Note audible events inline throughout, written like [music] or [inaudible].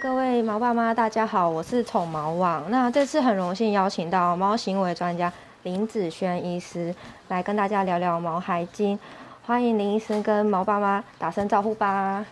各位毛爸媽，大家好，我是寵毛網。那這次很榮幸邀請到貓行為專家林子軒醫師來跟大家聊聊毛孩經。歡迎林醫師跟毛爸媽打聲招呼吧。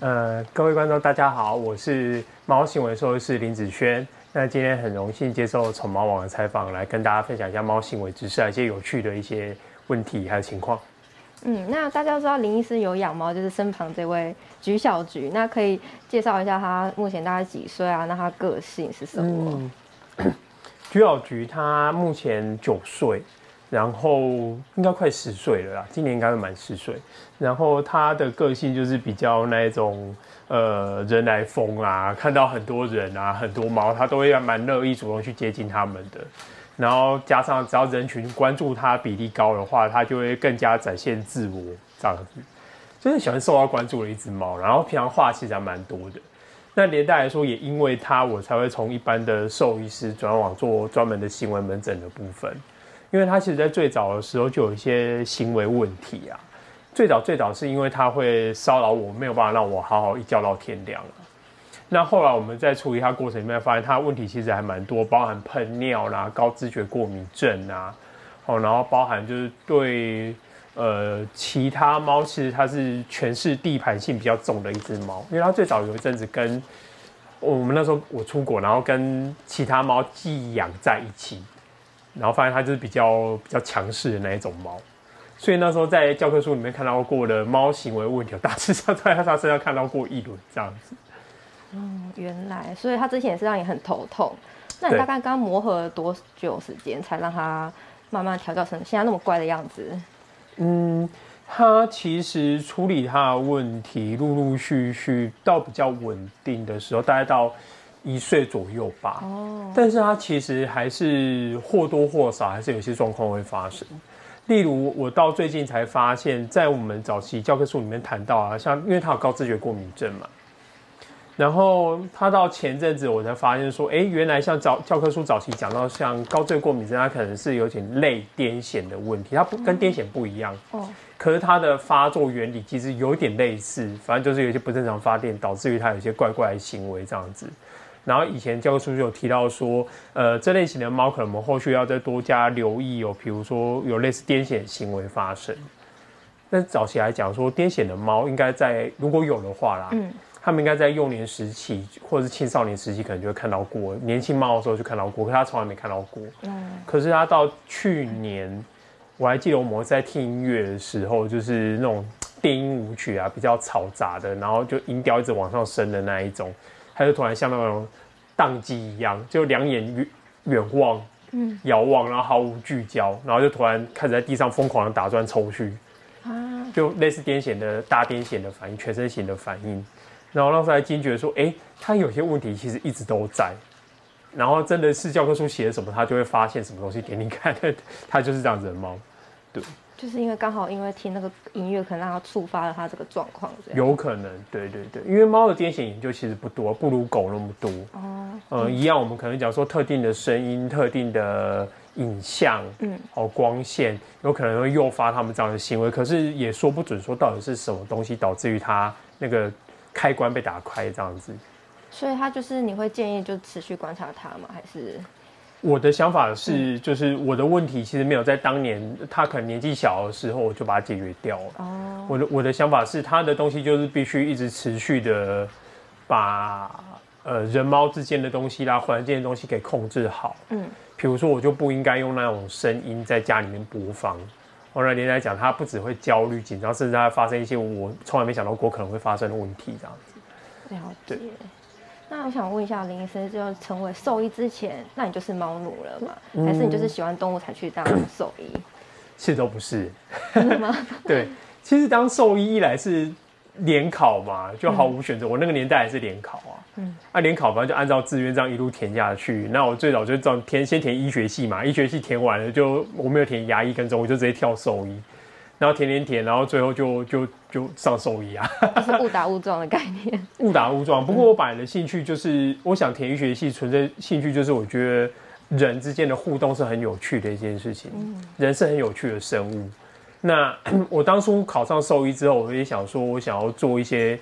呃，各位觀眾大家好，我是貓行為獸醫師林子軒。那今天很榮幸接受寵毛網的採訪，來跟大家分享一下貓行為知識，一些有趣的一些問題還有情況。嗯，那大家都知道林醫師有養貓，就是身旁這位橘小橘，那可以介紹一下他目前大概幾歲啊？那他個性是什麼？嗯，橘小橘他目前九歲，然後應該快十歲了啦，今年應該是滿十歲。然後他的個性就是比較那種，呃，人來瘋啊，看到很多人啊，很多貓，他都會蠻樂意主動去接近他們的。然後加上，只要人群關注它比例高的話，它就會更加展現自我這樣子。就是喜歡受到關注的一隻貓，然後平常話其實還蠻多的。那連帶來說，也因為它我才會從一般的獸醫師轉往做專門的行為門診的部分，因為它其實在最早的時候就有一些行為問題啊。最早最早是因為它會騷擾我，沒有辦法讓我好好一覺到天亮。那後來我們在處理它過程裡面，發現它問題其實還蠻多，包含噴尿啦、高知覺過敏症啊，哦，然後包含就是對呃其他貓，其實它是全市地盤性比較重的一隻貓，因為它最早有一陣子跟我們那時候我出國，然後跟其他貓寄養在一起，然後發現它就是比較比較強勢的那一種貓，所以那時候在教科書裡面看到過的貓行為問題，我大致上在它身上看到過一輪這樣子。哦、嗯，原來，所以他之前也是讓你很頭痛。那你大概剛剛磨合了多久時間，才讓他慢慢調教成現在那麼乖的樣子？嗯，他其實處理他的問題，陸陸續續到比較穩定的時候，大概到一歲左右吧。哦，但是他其實還是或多或少還是有些狀況會發生。例如，我到最近才發現，在我們早期教科書裡面談到啊，像因為他有高知覺過敏症嘛。然後他到前陣子，我才發現說，哎，原來像教教科書早期講到，像高症過敏症，它可能是有點類癲癇的問題，它不跟癲癇不一樣，嗯、哦，可是它的發作原理其實有點類似，反正就是有些不正常發電，導致於它有些怪怪的行為這樣子。然後以前教科書就有提到說，呃，這類型的貓可能我們後續要再多加留意、哦，有比如說有類似癲癇行為發生，那早期來講說，癲癇的貓應該在如果有的話啦，嗯。他們應該在幼年時期，或者是青少年時期，可能就會看到過年輕貓的時候就看到過，可是他從來沒看到過。嗯對。可是他到去年，對我還記得我們在聽音樂的時候，就是那種電音舞曲啊，比較嘈雜的，然後就音調一直往上升的那一種，他就突然像那種當機一樣，就兩眼遠遠望，嗯，遙望，然後毫無聚焦，然後就突然開始在地上瘋狂的打轉抽搐，啊，就類似癲癇的大癲癇的反應，全身型的反應。然後老師還驚覺說：“哎，他有些問題，其實一直都在。然後真的是教科書寫的什麼，他就會發現什麼東西給你看。他就是這樣子的貓，對，就是因為剛好因為聽那個音樂，可能讓他觸發了他這個狀況，有可能。對對對，因為貓的癲癇研究其實不多，不如狗那麼多。哦、嗯，呃、嗯，一樣，我們可能講說特定的聲音、特定的影像，嗯，或、哦、光線，有可能會誘發他們這樣的行為。可是也說不准說到底是什麼東西導致於他那個。”開關被打開這樣子，所以他就是你會建議就持續觀察他嗎？還是我的想法是，就是我的問題其實沒有在當年他可能年紀小的時候，我就把它解決掉了。哦，我的我的想法是，他的東西就是必須一直持續的把呃人貓之間的東西啦、環境的東西給控制好。嗯，譬如說我就不應該用那種聲音在家裡面播放。後來您來講，他不只會焦慮緊張，甚至他發生一些我從來沒想到過可能會發生的問題這樣子。對。了解。那我想問一下林醫生，就要成為獸醫之前，那你就是貓奴了嘛？嗯、還是你就是喜歡動物才去當獸醫？是都不是？真的嗎？ [laughs] [laughs] [laughs] 對，其實當獸醫一來是。聯考嘛，就毫無選擇。嗯、我那個年代還是聯考啊，嗯、啊，聯考反正就按照志願這樣一路填下去。嗯、那我最早就填先填醫學系嘛，醫學系填完了就我沒有填牙醫跟中，我就直接跳獸醫。然後填填填，然後最後就就就上獸醫啊。 [laughs] 就是誤打誤撞的概念。誤 [laughs] 打誤撞。不過我本來的興趣就是，我想填醫學系，存在興趣就是我覺得人之間的互動是很有趣的一件事情。嗯、人是很有趣的生物。那我當初考上獸醫之後，我也想說，我想要做一些，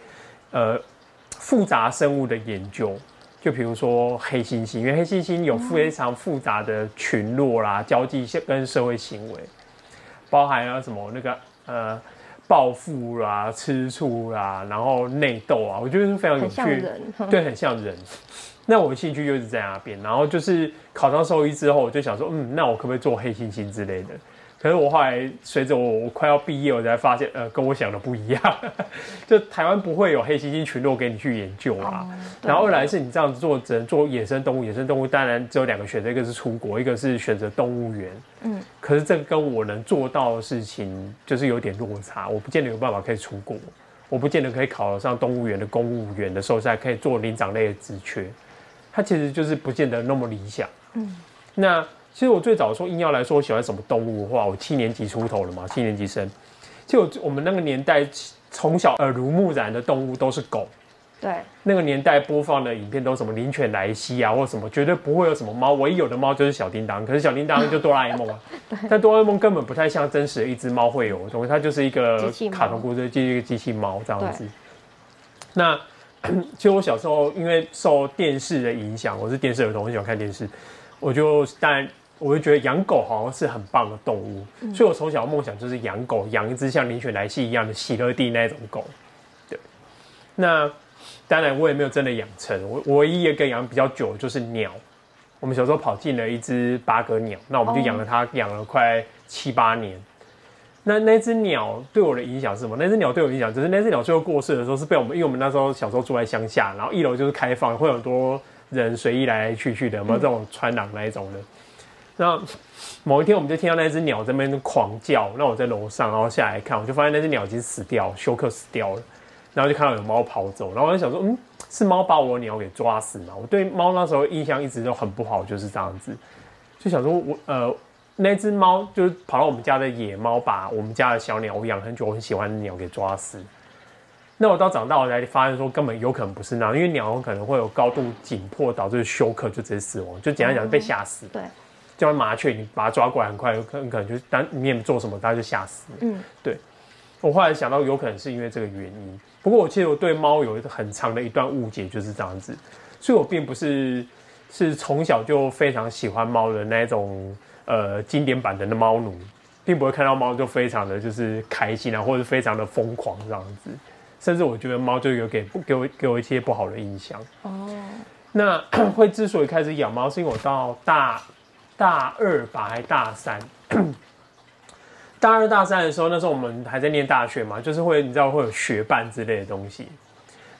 呃，複雜生物的研究，就比如說黑猩猩，因為黑猩猩有非常複雜的群落啦、交際跟社會行為，包含了、啊、什麼那個呃報復啦、吃醋啦，然後內鬥啊，我覺得非常有趣，對，很像人。那我興趣就是在那邊，然後就是考上獸醫之後，我就想說，嗯，那我可不可以做黑猩猩之類的？可是我後來隨着我快要畢業，我才發現，呃，跟我想的不一樣。 [laughs] 就台灣不會有黑猩猩群落給你去研究啊。哦、然後後來是你這樣子做，只能做野生動物。野生動物當然只有兩個選擇，一個是出國，一個是選擇動物園。嗯、可是這跟我能做到的事情就是有點落差。我不見得有辦法可以出國，我不見得可以考得上動物園的公務員的時候才可以做靈長類的職缺。它其實就是不見得那麼理想。嗯。那。其實我最早說硬要來說我喜歡什麼動物的話，我七年級出頭了嘛，七年級生，就我,我們那個年代從小耳濡目染的動物都是狗。對。那個年代播放的影片都什麼《靈犬萊西》啊，或什麼絕對不會有什麼貓。唯一有的貓就是小叮當，可是小叮當就哆啦 A 夢啊。 [laughs] 對但哆啦 A 夢根本不太像真實的一只貓會有，總之它就是一個卡通故事，就是一個機器貓這樣子。對那其實我小時候因為受電視的影響，我是電視兒童，我很喜歡看電視，我就當然。我就覺得養狗好像是很棒的動物，所以我從小的夢想就是養狗，養一隻像靈犬萊西一樣的喜樂蒂那種狗。對，那當然我也沒有真的養成，我我唯一一個養比較久就是鳥。我們小時候跑進了一隻八哥鳥，那我們就養了它哦、養了快七八年。那那隻鳥對我的影響是什麼？那隻鳥對我影響，就是那隻鳥最後過世的時候，是被我們，因為我們那時候小時候住在鄉下，然後一樓就是開放，會有很多人隨意來來去去的，有沒有這種穿廊那一種的？嗯那某一天，我們就聽到那只鳥在那邊狂叫。那我在樓上，然後下來看，我就發現那只鳥已經死掉，休克死掉了。然後就看到有貓跑走，然後我就想說，嗯，是貓把我的鳥給抓死嗎？我對貓那時候印象一直都很不好，就是這樣子，就想說，我呃，那只貓就是跑到我們家的野貓，把我們家的小鳥，我養很久，我很喜歡的鳥給抓死。那我到長大我才發現說，根本有可能不是那樣，因為鳥可能會有高度緊迫導致休克，就直接死亡，就簡單講是被嚇死。嗯，對。叫完麻雀，你把它抓過來，很快有可能就當你也沒做什麼，它就嚇死。嗯，對。我後來想到，有可能是因為這個原因。不過，我其實我對貓有一個很長的一段誤解，就是這樣子。所以我並不是是從小就非常喜歡貓的那種，呃，經典版的那貓奴，並不會看到貓就非常的就是開心啊，或者非常的瘋狂這樣子。甚至我覺得貓就有給給我給我一些不好的印象。哦，那會之所以開始養貓，是因為我到大。大二吧，還大三？ [coughs] 大二、大三的時候，那時候我們還在念大學嘛，就是會，你知道會有學伴之類的東西。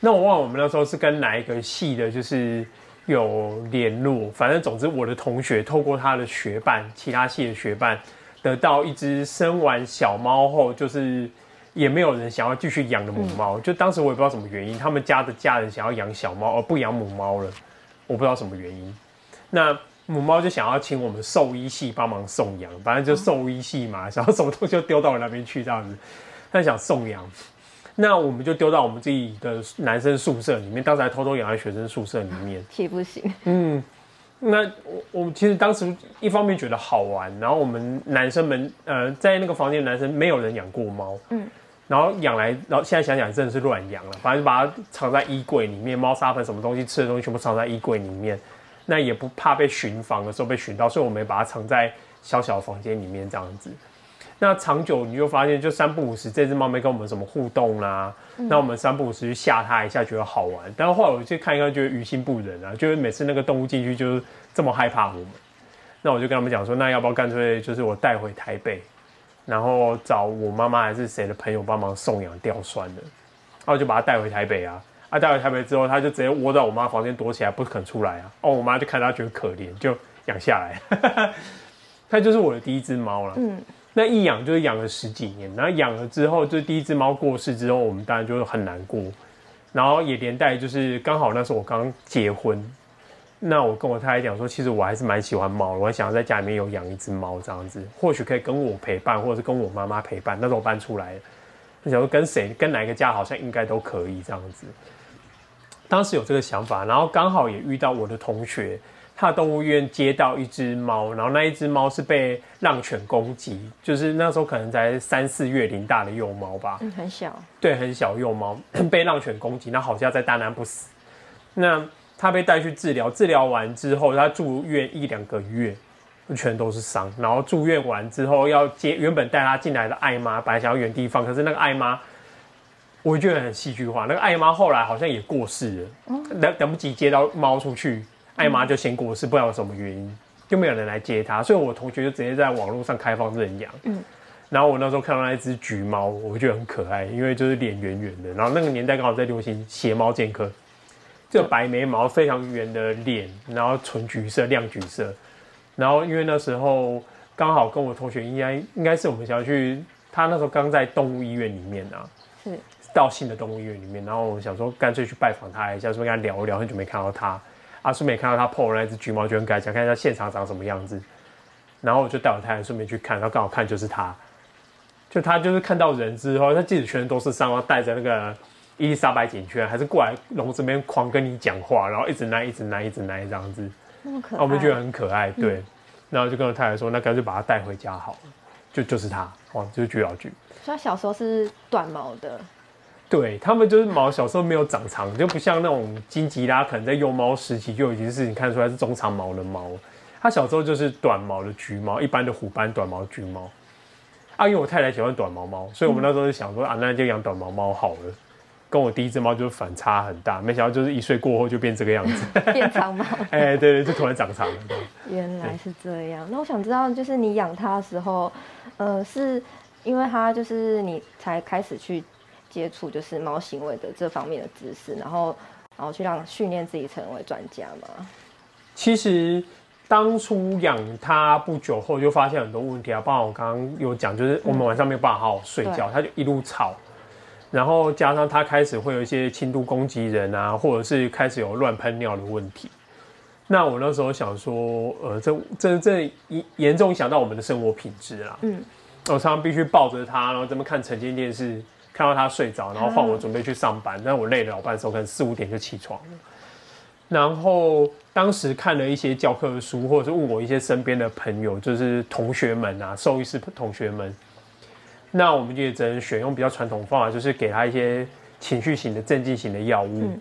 那我忘了我們那時候是跟哪一個系的，就是有聯絡。反正，總之，我的同學透過他的學伴，其他系的學伴，得到一隻生完小貓後，就是也沒有人想要繼續養的母貓。嗯、就當時我也不知道什麼原因，他們家的家人想要養小貓而不養母貓了，我不知道什麼原因。那。母貓就想要請我們獸醫系幫忙送養，反正就獸醫系嘛，嗯、想要什麼東西就丟到我那邊去這樣子。他想送養，那我們就丟到我們自己的男生宿舍裡面，當時還偷偷養在學生宿舍裡面，體不行。嗯，那我我們其實當時一方面覺得好玩，然後我們男生們呃在那個房間的男生沒有人養過貓，嗯，然後養來，然後現在想想真的是亂養了，反正就把它藏在衣櫃裡面，貓砂盆什麼東西吃的東西全部藏在衣櫃裡面。那也不怕被巡防的時候被巡到，所以我們把它藏在小小的房間裡面這樣子。那長久你就發現，就三不五時這隻貓沒跟我們什麼互動啦、啊。嗯、那我們三不五時去嚇它一下，覺得好玩。但是後來我去看一看，覺得於心不忍啊，就是每次那個動物進去就是這麼害怕我們。那我就跟他們講說，那要不要乾脆就是我帶回台北，然後找我媽媽還是誰的朋友幫忙送養掉算了。然後我就把它帶回台北啊。他帶回台北之後，他就直接窩到我媽房間躲起來不肯出來啊！哦，我媽就看他覺得可憐，就養下來。 [laughs] 他就是我的第一隻貓了。嗯，那一養就是養了十幾年。然後養了之後，就是第一隻貓過世之後，我們當然就會很難過。嗯、然後也連帶就是剛好那時候我剛結婚，那我跟我太太講說，其實我還是蠻喜歡貓的，我還想要在家裡面有養一隻貓這樣子，或許可以跟我陪伴，或者是跟我媽媽陪伴。那時候我搬出來，想說跟誰跟哪一個家好像應該都可以這樣子。當時有這個想法，然後剛好也遇到我的同學，他的動物醫院接到一隻貓，然後那一隻貓是被浪犬攻擊，就是那時候可能才三四月齡大的幼貓吧，嗯，很小，對，很小幼貓被浪犬攻擊，那好像在大難不死，那他被帶去治療，治療完之後他住院一兩個月，全都是傷，然後住院完之後要接原本帶他進來的愛媽，本來想要原地放，可是那個愛媽。我覺得很戲劇化。那個愛媽後來好像也過世了，等等不及接到貓出去，愛媽就先過世，不知道什麼原因，嗯、就沒有人來接她。所以我同學就直接在網絡上開放認養。嗯，然後我那時候看到那一隻橘貓，我覺得很可愛，因為就是臉圓圓的。然後那個年代剛好在流行斜貓劍客，這個白眉毛，非常圓的臉，然後純橘色、亮橘色。然後因為那時候剛好跟我同學應該應該是我們小區，他那時候剛在動物醫院裡面啊。到新的動物醫院裡面，然後我們想說，乾脆去拜訪他一下，所以跟他聊一聊，很久沒看到他，啊，順便看到他破了那只橘貓，就很開心，想看一下現場長什麼樣子。然後我就帶我太太順便去看，然後剛好看就是他，就他就是看到人之後，他即使全身都是傷，然後帶着那個伊麗莎白頸圈，還是過來籠子面狂跟你講話，然後一直拿，一直拿，一直拿這樣子。那麼可愛。我們覺得很可愛，對。嗯，然後就跟我太太說，那乾脆把它帶回家好了，就就是他哦，就是橘小橘。所以他小時候是短毛的。對，他們就是毛，小時候沒有長長，就不像那種金吉拉，可能在幼貓時期就已經是你看出來是中長毛的貓。它小時候就是短毛的橘貓，一般的虎斑短毛橘貓。啊，因為我太太喜歡短毛貓，所以我們那時候就想說、嗯、啊，那就養短毛貓好了。跟我第一隻貓就是反差很大，沒想到就是一歲過後就變這個樣子， [laughs] 變長毛。哎、欸，對對，就突然長長了。 [laughs] 原來是這樣。對那我想知道，就是你養它的時候，呃，是因為它就是你才開始去。接觸就是貓行為的這方面的知識，然後，然後去讓訓練自己成為專家嘛。其實當初養它不久後，就發現很多問題啊，包括我剛剛有講，就是我們晚上沒有辦法好好睡覺，它、嗯、就一路吵。然後加上它開始會有一些輕度攻擊人啊，或者是開始有亂噴尿的問題。那我那時候想說，呃，這這這一嚴重影響到我們的生活品質啦、啊。嗯，我常常必須抱着它，然後這麼看成天電視。看到他睡着，然後換我準備去上班，嗯、但我累了，老半時候可能四五點就起床，然後當時看了一些教科書，或者是問我一些身邊的朋友，就是同學們啊，獸醫師同學們。那我們就只能選用比較傳統的方法，就是給他一些情緒型的鎮靜型的藥物。嗯、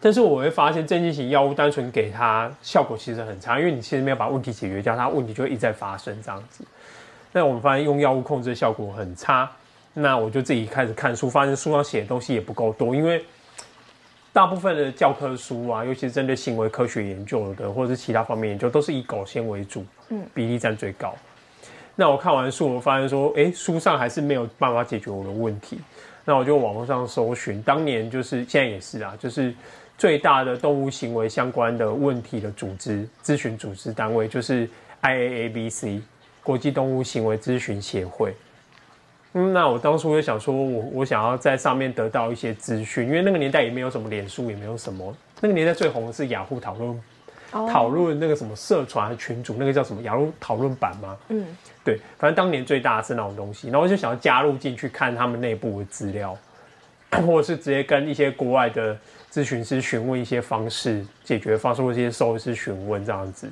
但是我會發現，鎮靜型藥物單純給他效果其實很差，因為你其實沒有把問題解決掉，他問題就會一再發生這樣子。那我們發現用藥物控制的效果很差。那我就自己開始看書，發現書上寫的東西也不夠多，因為大部分的教科書啊，尤其是針對行為科學研究的，或者是其他方面研究，都是以狗先為主，嗯，比例占最高。嗯、那我看完書，我發現說，哎，書上還是沒有辦法解決我的問題。那我就網絡上搜尋，當年就是現在也是啊，就是最大的動物行為相關的問題的組織諮詢組織單位，就是 IAABC 國際動物行為諮詢協會。嗯，那我當初就想說我，我我想要在上面得到一些資訊，因為那個年代也沒有什麼臉書，也沒有什麼。那個年代最紅的是雅虎討論，討論、Oh. 那個什麼社團還是群組，那個叫什麼雅虎討論版嗎？嗯，對，反正當年最大的是那種東西。然後我就想要加入進去看他們內部的資料，或者是直接跟一些國外的諮詢師詢問一些方式、解決方式，或是做一些收資詢問這樣子。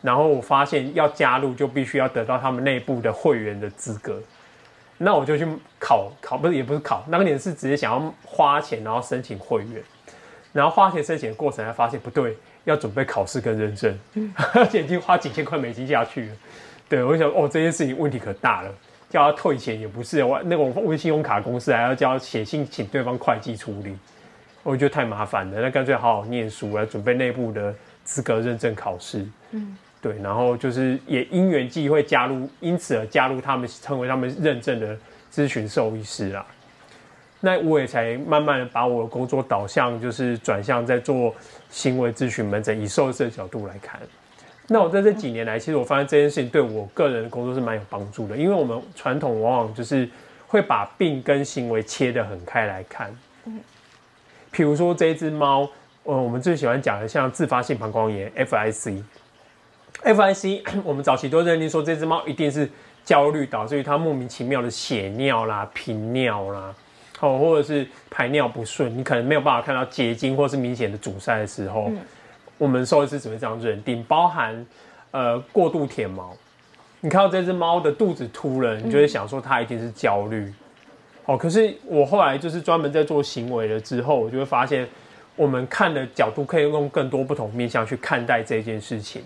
然後我發現要加入，就必須要得到他們內部的會員的資格。那我就去考考，不是，也不是考，那個年是直接想要花錢，然後申請會員，然後花錢申請的過程才發現不對，要準備考試跟認證，嗯、而且已經花幾千塊美金下去了。對我想，哦，這件事情問題可大了，叫他退錢也不是，我那個信用卡公司還要叫他寫信請對方會計處理，我覺得太麻煩了，那乾脆好好念書，我要準備內部的資格認證考試。嗯。對，然後就是也因緣際會加入，因此而加入他們，成為他們認證的諮詢獸醫師啊。那我也才慢慢把我的工作導向，就是轉向在做行為諮詢門診，以獸醫的角度來看。那我在這幾年來，其實我發現這件事情對我個人的工作是蠻有幫助的，因為我們傳統往往就是會把病跟行為切得很開來看。嗯，譬如說這隻貓，呃，我們最喜歡講的像自發性膀胱炎 （FIC）。FIC， [coughs] 我們早期都認定說，這隻貓一定是焦慮導致於它莫名其妙的血尿啦、頻尿啦，哦，或者是排尿不順，你可能沒有辦法看到結晶或是明顯的阻塞的時候，嗯、我們收一次只會這樣認定，包含呃過度舔毛。你看到這隻貓的肚子凸了，你就會想說，它一定是焦慮。嗯、哦，可是我後來就是專門在做行為了之後，我就會發現，我們看的角度可以用更多不同面向去看待這件事情。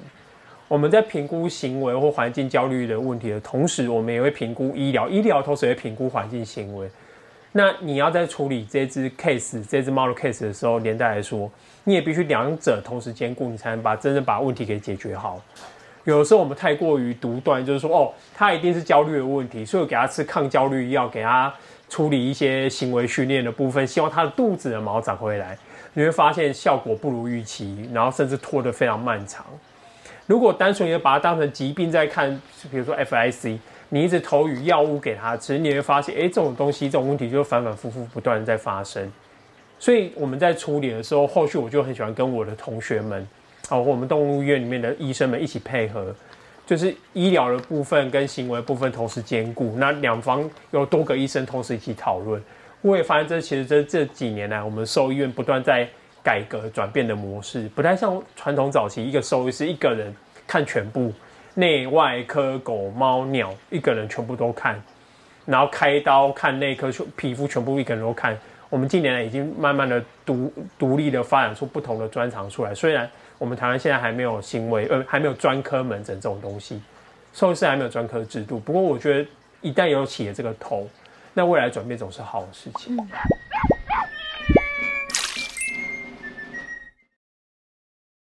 我們在評估行為或環境焦慮的問題的同時，我們也會評估醫療。醫療同時也會評估環境行為。那你要在處理這只 case，這只貓的 case 的時候，連帶來說，你也必須兩者同時兼顧，你才能把真正把問題給解決好。有的時候我們太過於獨斷，就是說，哦，它一定是焦慮的問題，所以我給它吃抗焦慮藥，給它處理一些行為訓練的部分，希望它的肚子的毛長回來，你會發現效果不如預期，然後甚至拖得非常漫長。如果單純你把它當成疾病在看，比如說 FIC，你一直投予藥物給他，其實你會發現，哎，這種東西、這種問題就反反复覆、不斷在發生。所以我們在處理的時候，後續我就很喜歡跟我的同學們，哦，我們動物醫院裡面的醫生們一起配合，就是醫療的部分跟行為部分同時兼顧，那兩方有多個醫生同時一起討論。我也發現這，這其實這這幾年來我們獸醫院不斷在。改革轉變的模式，不太像傳統早期一個獸醫師一個人看全部，內外科狗貓鳥一個人全部都看，然後開刀看內科皮膚全部一個人都看。我們近年來已經慢慢的獨獨立的發展出不同的專長出來，雖然我們台灣現在還沒有行為，呃還沒有專科門診這種東西，獸醫師還沒有專科制度。不過我覺得一旦有起了這個頭，那未來轉變總是好的事情。嗯。